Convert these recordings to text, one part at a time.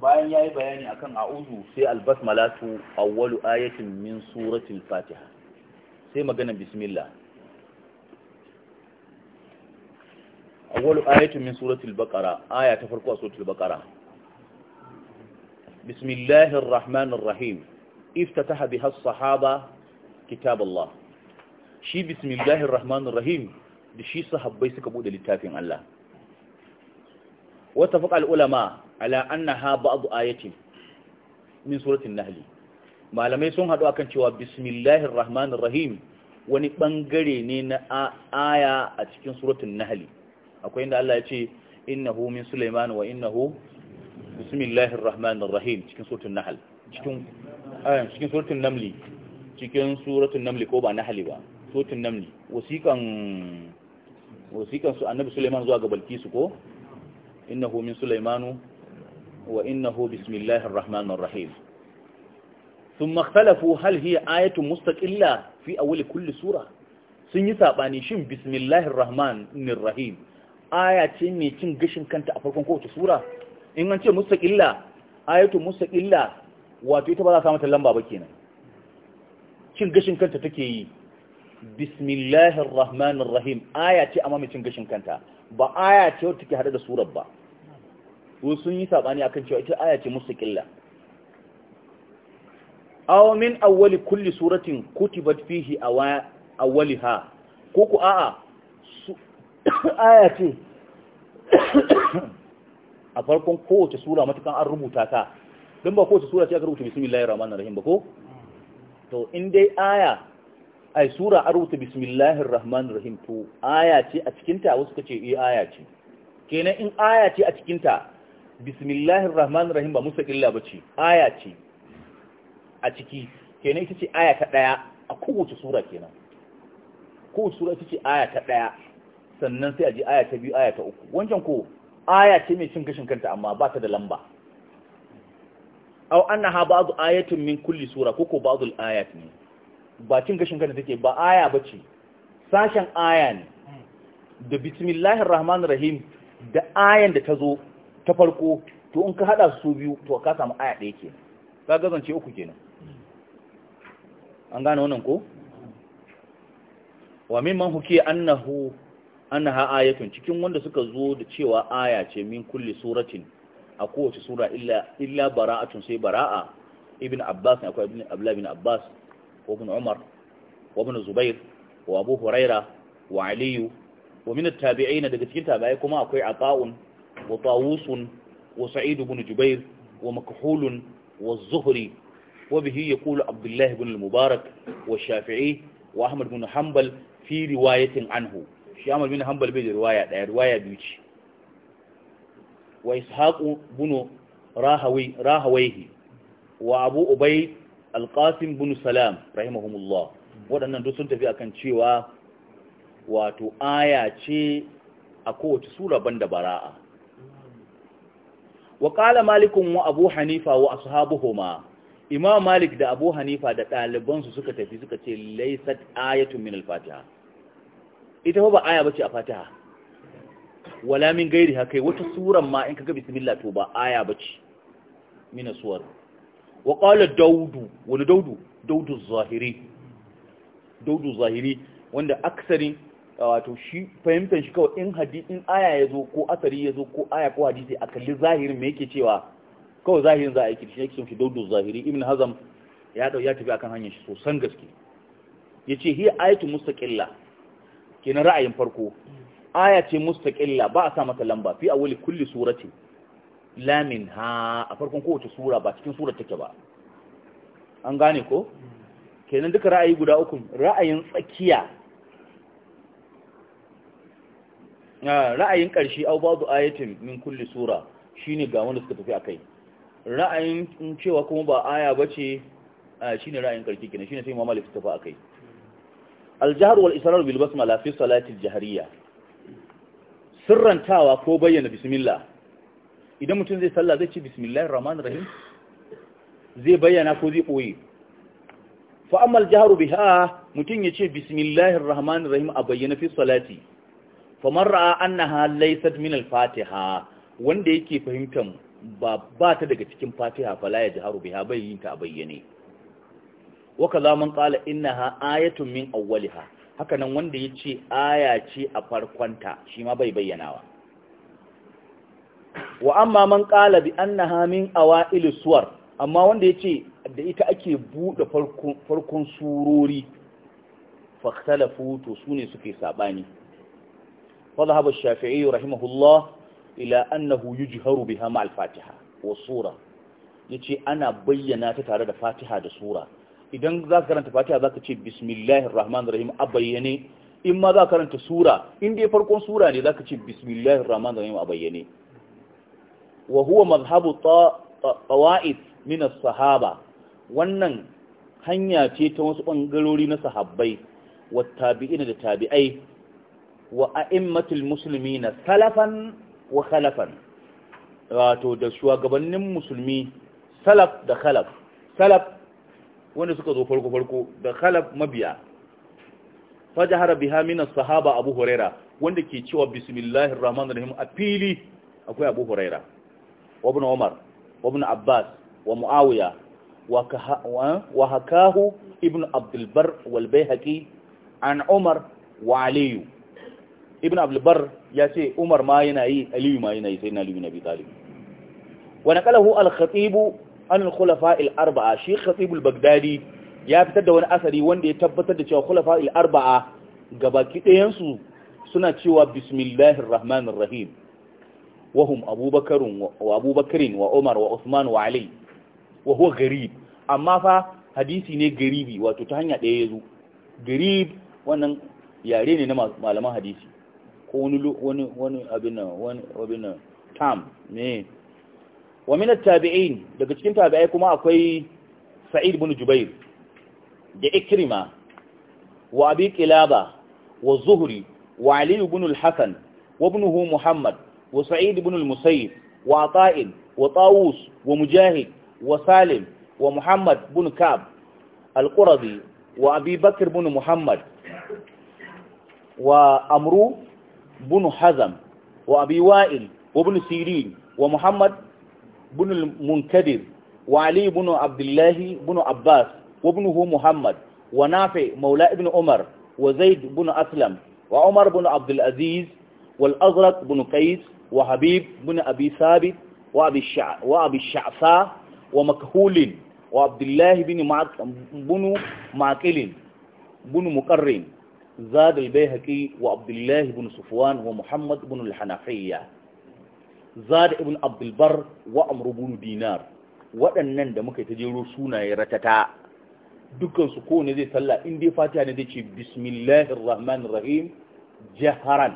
bayan ya yi bayani akan a'udhu sai albasmalatu awwalu ayatin min suratul fatiha sai magana bismillah awwalu ayatin min suratul baqara aya ta farko a suratul baqara bismillahir rahmanir rahim iftataha biha as-sahaba kitab Allah shi bismillahir rahmanir rahim da shi sahabbai suka bude littafin Allah واتفق العلماء على أنها بعض آية من سورة النهل ما لم يسون هذا أكن شوى بسم الله الرحمن الرحيم wani bangare ne na aya a cikin suratun nahali akwai inda Allah ya ce innahu min Sulaiman wa innahu bismillahir rahmanir rahim cikin suratun nahl cikin cikin suratun namli cikin suratun namli ko ba nahali ba suratun namli wasiqan su annabi Sulaiman zuwa ga Balkisu ko إنه من سليمان وإنه بسم الله الرحمن الرحيم ثم اختلفوا هل هي آية مستقلة في أول كل سورة سنسى بانيشين بسم الله الرحمن الرحيم آية ميتين قشن كانت أفركم قوة سورة إن أنت مستقلة آية مستقلة وتعتبر سامة اللمبة بكينا شن قشن كانت تكيي بسم الله الرحمن الرحيم آية أمامي شن قشن كانت ba aya ce wata take hada da surar ba wasu sun yi sabani akan cewa ita aya ce mustaqilla aw min awwali kulli suratin kutibat fihi awwaliha ko ku a'a aya ce a farkon kowace sura matukan an rubuta ta don ba kowace sura ce aka rubuta bismillahir rahmanir rahim ba ko to in dai aya ai sura an rubuta bismillahir rahmanir rahim to aya ce a cikin ta wasu kace eh aya ce kenan in aya ce a cikin ta bismillahir rahmanir rahim ba illa bace aya ce a ciki kenan ita ce aya ta daya a kowace sura kenan kowace sura ita ce aya ta daya sannan sai a ji aya ta biyu aya ta uku wancan ko aya ce mai cin gashin kanta amma ba ta da lamba aw annaha ba'du ayatin min kulli sura koko ba'du al-ayat ne ba cin gashin kanta take ba aya bace sashen aya ne da bismillahir rahmanir rahim da ayan da ta zo ta farko to in ka hada su biyu to ka samu aya ɗaya ke ka gazance uku kenan an gane wannan ko wa mimman huke annahu annaha ayatun cikin wanda suka zo da cewa aya ce min kulli suratin a kowace sura illa illa bara'atun sai bara'a ibn abbas akwai ibn abla ibn abbas ko ibn umar wa ibn zubair wa abu huraira wa aliyu wa min at-tabi'in daga cikin tabi'ai kuma akwai aqa'un وطاووس وسعيد بن جبير ومكحول والزهري وبه يقول عبد الله بن المبارك والشافعي وأحمد بن حنبل في رواية عنه شي أحمد بن حنبل بيد رواية رواية بيوتي وإسحاق بن راهوي راهويه وأبو أبي القاسم بن سلام رحمهم الله waɗannan duk sun tafi akan cewa wato aya ce a kowace sura banda bara'a wa qala malikun wa abu hanifa wa homa, imam malik da abu hanifa da ɗalibansu suka tafi suka ce laisat ayatun min alfatiha ita ba aya bace a fatiha wala min gairi haka wata suran ma in kaga bismillah to ba aya bace min suwar wa qala daudu wani daudu daudu zahiri daudu zahiri wanda aksarin wato shi fahimtar shi kawai in hadisin aya ya zo ko asari ya zo ko aya ko hadisi a kalli zahirin me yake cewa kawai zahirin za a yi kirshi yake sun shi daudu zahiri ibn hazam ya dau ya tafi akan hanyar shi san gaske yace hi ayatu mustaqilla kenan ra'ayin farko aya ce mustaqilla ba a sa mata lamba fi awwali kulli surati la minha a farkon kowace sura ba cikin surar take ba an gane ko kenan duka ra'ayi guda uku ra'ayin tsakiya Ah, ra'ayin ƙarshe au babu ayatin min kulli sura shine ga wanda suka tafi akai ra'ayin cewa kuma ba aya bace ah, shine ra'ayin ƙarshe kenan shine sai Imam Malik tafi akai al-jahr wal israr bil basmala fi salati al-jahriyya sirrantawa ko bayyana bismillah idan mutum zai sallah zai ce bismillahir rahmanir rahim zai bayyana ko zai boye fa amma al-jahr biha mutum ce bismillahir rahmanir rahim a bayyana fi salati faman ra'a annaha laysat min al-fatiha wanda yake fahimtan ba ba ta daga cikin fatiha fala ya jaharu biha bai yin ta bayyane wa kaza man qala innaha ayatun min awwaliha haka nan wanda yace aya ce a farkonta shi ma bai bayyanawa wa amma man qala bi annaha min awail suwar amma wanda yace da ita ake bude farkon farkon surori fa ikhtalafu to sune suke sabani وذهب الشافعي رحمه الله إلى أنه يجهر بها مع الفاتحة والصورة يتي أنا da تتعرض فاتحة والصورة idan za ka karanta fatiha za ka ce bismillahir rahmanir a bayyane in ma za ka karanta sura in dai farkon sura ne za ka ce bismillahir rahmanir rahim a bayyane mazhabu sahaba wannan hanya ce ta wasu bangarori na sahabbai wa tabi'ina da tabi'ai wa a'immatul muslimina salafan wa khalafan wato da shugabannin musulmi salaf da khalaf salaf wanda suka zo farko farko da khalaf mabiya fajahara biha min as-sahaba Abu Huraira wanda ke cewa bismillahir rahmanir rahim a fili akwai Abu Huraira wa ibn Umar wa ibn Abbas wa Muawiya wa hakahu ibn Abdul Bar wal Baihaqi an Umar wa Aliyu ibn abdulbar ya ce umar ma yana yi aliyu ma yana yi sai na aliyu na bi wani kalahu al-khatibu an al-khulafa arbaa shi khatibu al-baghdadi ya fitar da wani asari wanda ya tabbatar da cewa khulafa al-arba'a gabaki ɗayansu suna cewa bismillahir rahmanir rahim wahum abubakarun wa abubakarin wa umar wa usman wa ali wa huwa garib amma fa hadisi ne garibi wato ta hanya ɗaya yazu garib wannan yare ne na malaman hadisi ko wani wani abin wani abin tam ne wa min at-tabi'in daga cikin tabi'ai kuma akwai sa'id ibn jubair da ikrima wa abi qilaba wa zuhri wa ali ibn al-hasan wa ibnuhu muhammad wa sa'id ibn al-musayyib wa ta'il wa tawus wa mujahid wa salim wa muhammad ibn kab al-qurazi wa abi bakr ibn muhammad wa amru بن حزم وأبي وائل وابن سيرين ومحمد بن المنكدر وعلي بن عبد الله بن عباس وابنه محمد ونافع مولى ابن عمر وزيد بن أسلم وعمر بن عبد العزيز والأزرق بن قيس وحبيب بن أبي ثابت وأبي, الشع... وأبي الشعفاء ومكهول وعبد الله بن معقل بن مقرن زاد البيهقي وعبد الله بن صفوان ومحمد بن الحنفية زاد ابن عبد البر وعمر بن دينار waɗannan da muka ta jero sunaye ratata dukansu kowane zai sallah in dai fatiha ne zai ce bismillahir rahmanir rahim jaharan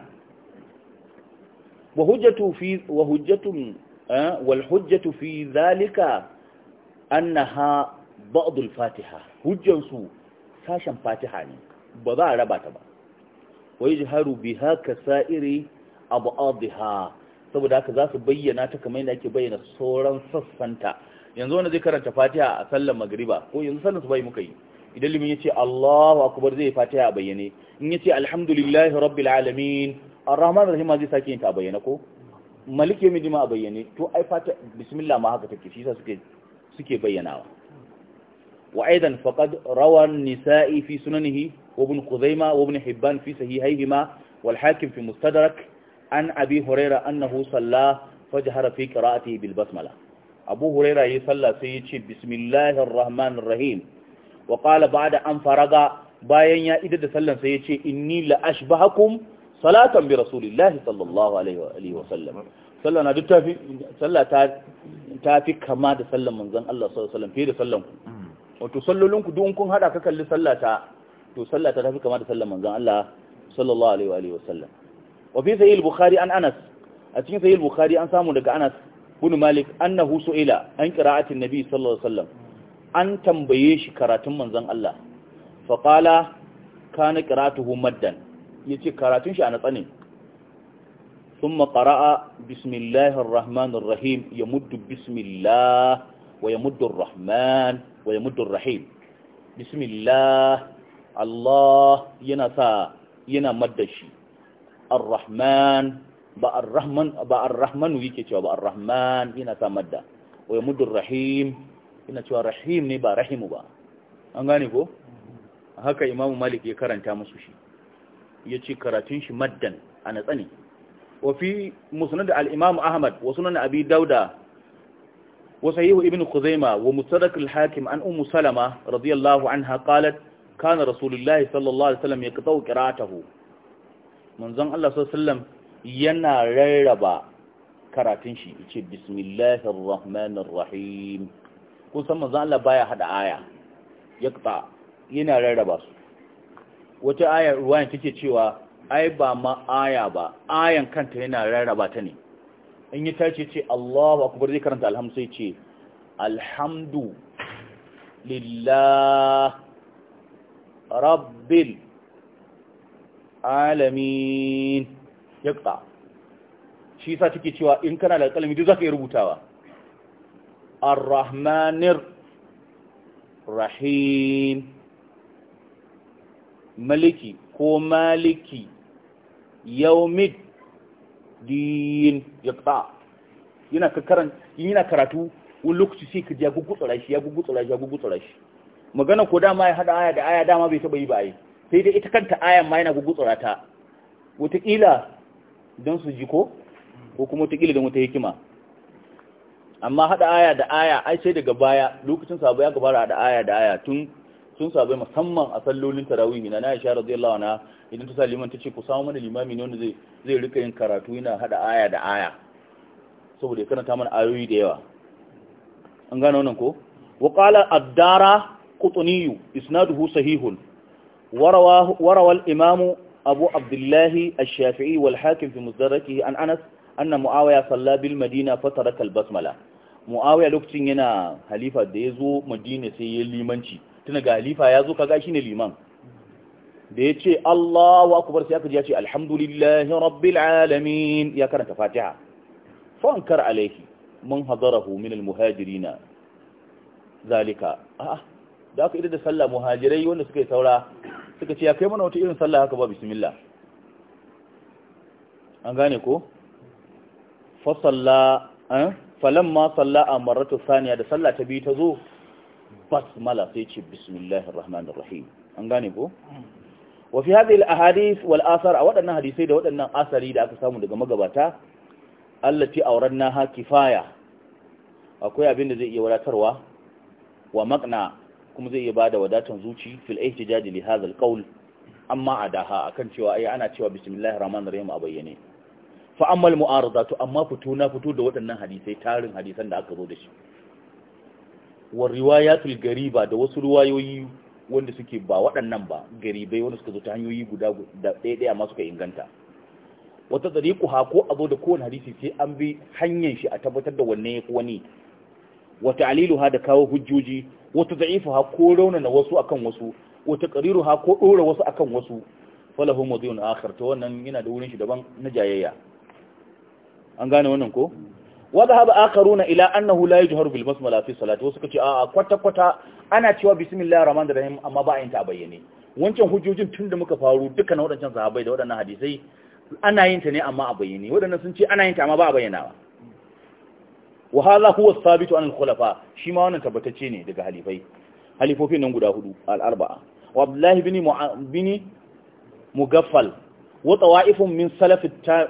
wa hujjatu fi wa hujjatun wal hujjatu fi zalika annaha ba'd al fatiha hujjansu sashen fatiha ne ba za a raba ta ba wai jiharu bi haka sa'iri abu adiha saboda haka za su bayyana ta kamar yadda ake bayyana sauran sassanta yanzu wanda zai karanta fatiha a sallar magriba ko yanzu sallar su bai muka yi idan limin ya ce Allahu akbar zai fatiha a bayyane in ya ce alhamdulillahi rabbil alamin arrahman rahim zai sake yin ta a bayyane ko malik ya midima a bayyane to ai fata bismillah ma haka take shi sa suke suke bayyanawa wa aidan faqad rawan an-nisa'i fi sunanihi وابن خزيمة وابن حبان في صحيحيهما والحاكم في مستدرك عن أبي هريرة أنه صلى فجهر في قراءته بالبسملة أبو هريرة يصلى سيدي بسم الله الرحمن الرحيم وقال بعد أن فرغ bayan ya idar da sallan sai ya ce inni la ashbahakum salatan bi rasulillahi sallallahu alaihi wa sallam sallana duk tafi ta fi kama da sallan manzon Allah sallallahu alaihi da ku wato sallolin ku kun hada ka kalli to sallah ta tafi kama da sallar manzon Allah sallallahu alaihi wa alihi wasallam wa fi sahih al-bukhari an anas a cikin sahih al-bukhari an samu daga anas ibn malik annahu su'ila an qira'atin nabi sallallahu alaihi wasallam an tambaye shi karatun manzon Allah fa qala kana qira'atuhu maddan yace karatun shi a natsane thumma qara'a bismillahir rahmanir rahim yamuddu bismillah wa yamuddu ar-rahman wa yamuddu ar-rahim bismillah Allah yana sa yana madda shi ar-rahman ba ar-rahman ba ar-rahman yake cewa ba ar-rahman yana sa madda wa yamudur rahim yana cewa rahim ne ba rahimu ba an gane ko haka imam malik ya karanta musu shi ya ce karatun shi maddan a natsani wa fi musnad al-imam ahmad wa sunan abi dauda wa sahih ibn khuzaimah wa mustadrak al-hakim an ummu salama radiyallahu anha qalat kana rasulullahi sallallahu alaihi wasallam ya katsau qira'atahu manzon Allah sallallahu alaihi wasallam yana rarraba karatun shi yace bismillahir rahmanir rahim kusan manzon Allah baya hada aya ya kata yana rarraba su wata aya ruwayan take cewa ai ba ma aya ba ayan kanta yana rarraba ta ne in yi tace ce Allahu akbar zai karanta alhamdu sai ce alhamdu lillah رب العالمين يقطع shi yasa take cewa in kana da kalmi duk zaka yi rubutawa ar-rahmanir rahim maliki ko maliki yaumid din yaqta yana karatu wani lokaci sai ka ji ya gugutsura shi ya gugutsura shi ya gugutsura magana ko dama ya hada aya da aya dama bai taba yi ba ai sai dai ita kanta ayan ma yana gugutsura ta wataƙila don su jiko ko kuma wataƙila don wata hikima amma hada aya da aya ai sai daga baya lokacin sabo ya gabara da aya da aya tun sun sabai musamman a sallolin tarawih na Aisha radiyallahu anha idan ta saliman tace ku samu mana limami ne wanda zai zai rika yin karatu yana hada aya da aya saboda ya karanta mana ayoyi da yawa an gano wannan ko wa qala ad القطني إسناده صحيح ورواه وروى الإمام أبو عبد الله الشافعي والحاكم في مزدركه عن أنس أن معاوية صلى بالمدينة فترك البسملة معاوية لوكتين ينا حليفة ديزو مدينة سيئي الليمانشي تنقى حليفة يازو كغاشين الليمان ديتشي الله أكبر سيأكد ياتي الحمد لله رب العالمين يا كانت فاتحة فانكر عليه من هضره من المهاجرين ذلك آه da aka idan da sallah muhajirai wanda suka yi saura suka ce ya kai mana wata irin sallah haka ba bismillah an gane ko fa salla an eh? falamma salla amaratu saniya da sallah ta biyu ta zo basmala sai ce bismillahir rahmanir rahim an gane ko wa fi hadhihi al ahadith wal athar a waɗannan hadisai da waɗannan asari da aka samu daga magabata allati awranna ha kifaya akwai abin da zai iya wadatarwa wa maqna kuma zai iya ba da wadatan zuci fil ihtijaj li hadha alqawl amma adaha akan cewa ai ana cewa bismillahir rahmanir rahim a bayyane fa amma al mu'aradatu amma fito na fito da waɗannan hadisai tarin hadisan da aka zo da shi wa riwayatul gariba da wasu riwayoyi wanda suke ba waɗannan ba garibai wanda suka zo ta hanyoyi guda ɗaya ɗaya amma suka inganta wata tsariku ha ko a zo da kowane hadisi sai an bi hanyar shi a tabbatar da wanne ya wani wata alilu ha da kawo hujjoji wata da'ifu ha ko raunana wasu akan wasu wata ƙariru ha ko ɗora wasu akan wasu falahu maziyun akhir to wannan yana da wurin shi daban na jayayya an gane wannan ko wadda haɓa akharuna ila annahu la yajharu bil basmala fi salati wasu kace a kwata kwata ana cewa bismillahir rahmanir rahim amma ba yin ta a bayyane wancan hujjojin tun da muka faru dukkan waɗancan sahabbai da waɗannan hadisai ana yin ta ne amma a bayyane waɗannan sun ce ana yin ta amma ba a bayyanawa wa hadha huwa thabitu an khulafa shi ma wannan tabbatacce ne daga halifai halifofin nan guda hudu al-arba'a wa abdullahi bin bin mugaffal wa tawa'ifun min salaf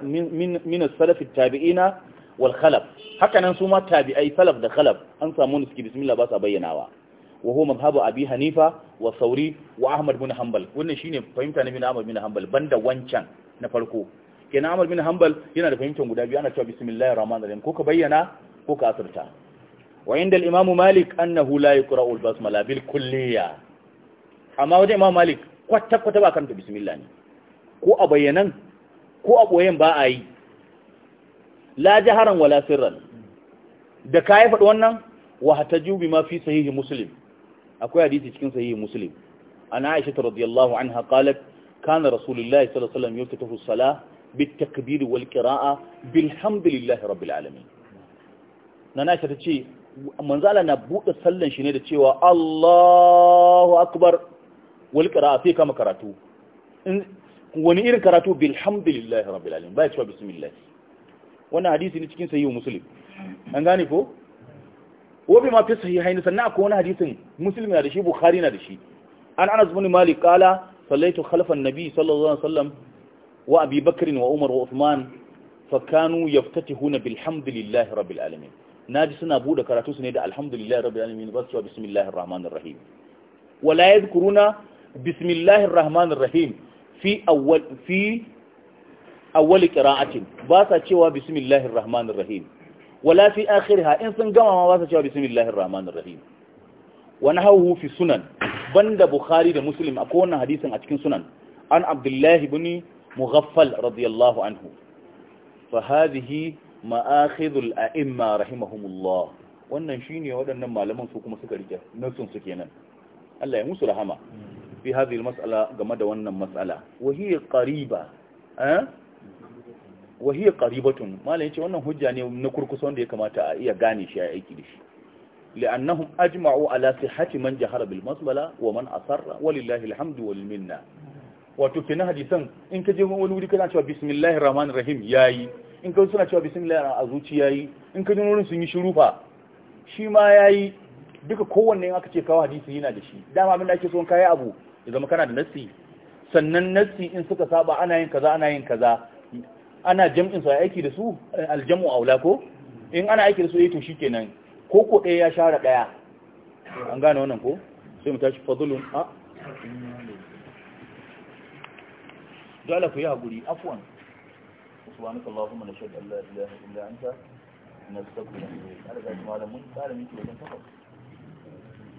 min min as-salaf tabiina wal khalaf haka nan su ma tabi'ai salaf da khalaf an samu niski bismillah ba sa bayyanawa وهو hanifa wa sauri wa ahmad bin حنبل wannan shine fahimta na bin Ahmad bin Hanbal banda wancan na farko kenan Ahmad bin Hanbal yana da fahimtar guda biyu ana cewa bismillahir rahmanir rahim ko ka bayyana ko ka asirta wa inda al-imam malik annahu la yaqra'u al-basmala bil kulliya amma wajen imam malik kwata kwata ba kanta bismillah ne ko a bayanan ko a boyen ba a yi la jaharan wala sirran da kai faɗi wannan wa hataju ma fi sahihi muslim akwai hadisi cikin sahihi muslim ana aisha radiyallahu anha qalat kana rasulullahi sallallahu alaihi wasallam yaftatahu as-salah بالتكبير والقراءة بالحمد لله رب alamin. na nashi ta ce manzala na buɗe sallan shi ne da cewa Allahu akbar walƙira qira'a sai kama karatu wani irin karatu bilhamdulillahi rabbil alamin bai cewa bismillah wannan hadisi ne cikin sahih muslim an gane ko wa ma fi sahihaini sannan akwai wani hadisin muslim na da shi bukhari na da shi an anas bin malik Kala, sallaitu khalfan nabi sallallahu alaihi wasallam wa abi bakr wa umar wa uthman fa kanu yaftatihuna bilhamdulillahi rabbil alamin na ji suna bude karatu su ne da alhamdulillahi rabbil alamin ba su bismillahir rahmanir rahim wala yadhkuruna bismillahir rahmanir rahim fi awwal fi awwal qira'atin ba sa cewa bismillahir rahmanir rahim wala fi akhiriha in sun gama ma ba sa cewa bismillahir rahmanir rahim wa nahawu fi sunan banda bukhari da muslim akwai wannan hadisin a cikin sunan an abdullahi ibn mughaffal radiyallahu anhu fa hadhihi ma'akhidul a'imma rahimahumullah wannan shine waɗannan malaman su kuma suka rike nasun su kenan Allah ya musu rahama fi hadhihi mas'ala game da wannan mas'ala wa hiya qariba eh wa hiya qaribatun malamin ce wannan hujja ne na kurkusa wanda ya kamata a iya gane shi a aiki da shi li'annahum ajma'u ala sihhati man jahara bil mas'ala wa man asarra walillahi alhamdu wal minna wato kenan hadisan in ka je wani wuri kana cewa bismillahir rahmanir rahim yayi in kai suna cewa bismillah a zuci yayi in ka jin wurin sun yi shurufa shi ma yayi duka kowanne aka ce kawo hadisi yana da shi dama abin da ake so kai abu ya zama kana da nassi sannan nassi in suka saba ana yin kaza ana yin kaza ana jam'in su aiki da su aljamu aula ko in ana aiki da su eh to shikenan ko ko ɗaya ya share ɗaya an gane wannan ko sai mu tashi fadlun a ah. dole ku yi hakuri afwan subhanaka allahumma nashhadu an la ilaha illa anta nastaghfiruka wa natubu ilayk alaga wajen takwas